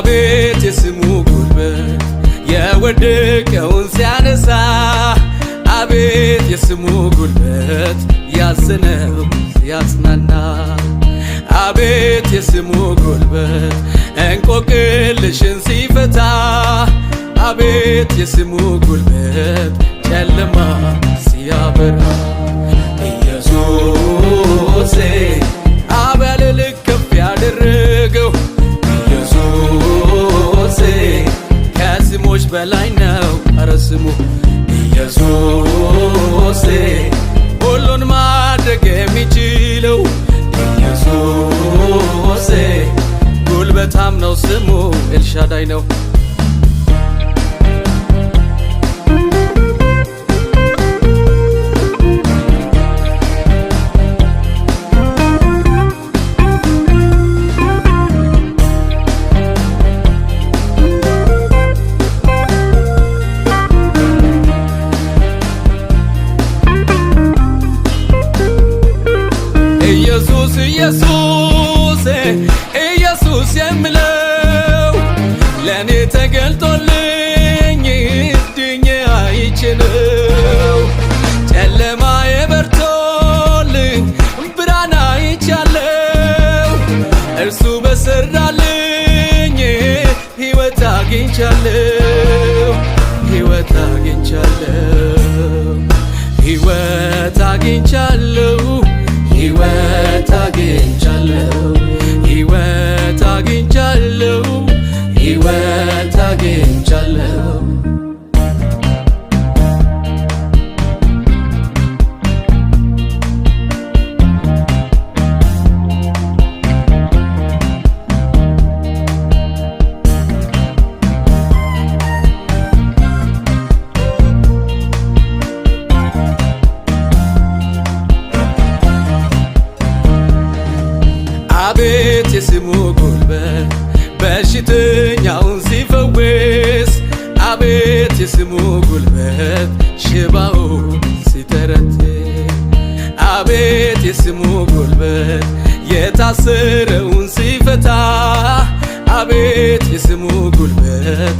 አቤት የስሙ ጉልበት የወደቀውን ሲያነሳ አቤት የስሙ ጉልበት ያዘነው ያጽናና አቤት የስሙ ጉልበት እንቆቅልሽን ሲፈታ አቤት የስሙ ጉልበት ጨለማ ሲያበራ ስሙ ኢየሱስ ሁሉን ማድረግ የሚችለው ኢየሱስ ጉልበታም ነው ስሙ ኤልሻዳይ ነው አግኝቻለሁ፣ ሕይወት አግኝቻለሁ፣ ሕይወት አግኝቻለሁ፣ ሕይወት አግኝቻለሁ፣ ሕይወት አግኝቻለሁ፣ ሕይወት አግኝቻለሁ የስሙ ጉልበት በሽተኛውን ሲፈውስ አቤት የስሙ ጉልበት ሽባውን ሲተረት አቤት የስሙ ጉልበት የታሰረውን ሲፈታ አቤት የስሙ ጉልበት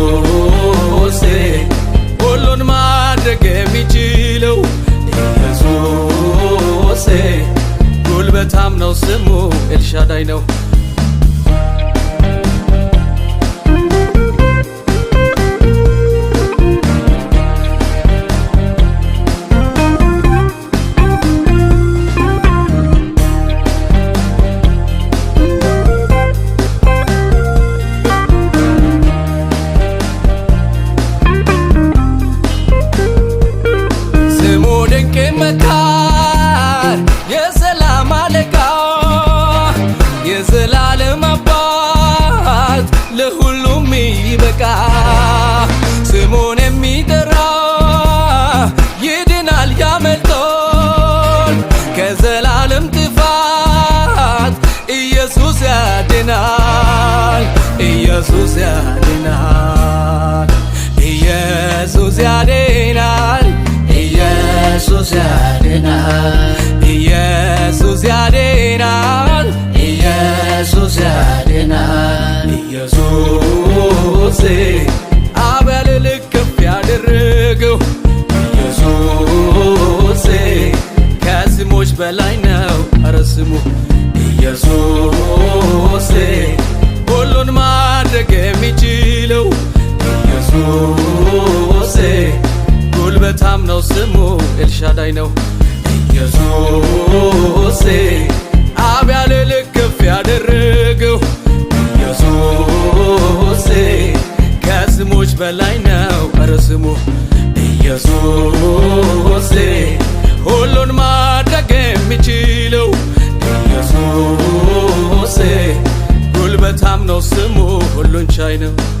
ኢየሱሴ ሁሉን ማድረግ የሚችለው ኢየሱሴ ጉልበታም ነው ስሙ ኤልሻዳይ ነው የዓለም አባት ለሁሉም ይበቃ ስሙን የሚጠራ ይድናል ያመልጦን ከዘላለም ጥፋት ኢየሱስ ያድናል ኢየሱስ ያድናል ኢየሱስ ያድናል ኢየሱስ ያድናል ኢየሱስ ያድናል ኢየሱስ ያድናል። ኢየሱስ አበል ልክፍ ያደረገው ኢየሱስ ከስሞች በላይ ነው። ኧረ ስሙ ኢየሱስ ሁሉን ማድረግ የሚችለው ኢየሱስ ጉልበታም ነው። ስሙ ኤልሻዳይ ነው ኢየሱስ በላይ ነው ስሙ ኢየሱስ ሁሉን ማድረግ የሚችለው ኢየሱስ ጉልበታም ነው ስሙ ሁሉን ቻይ ነው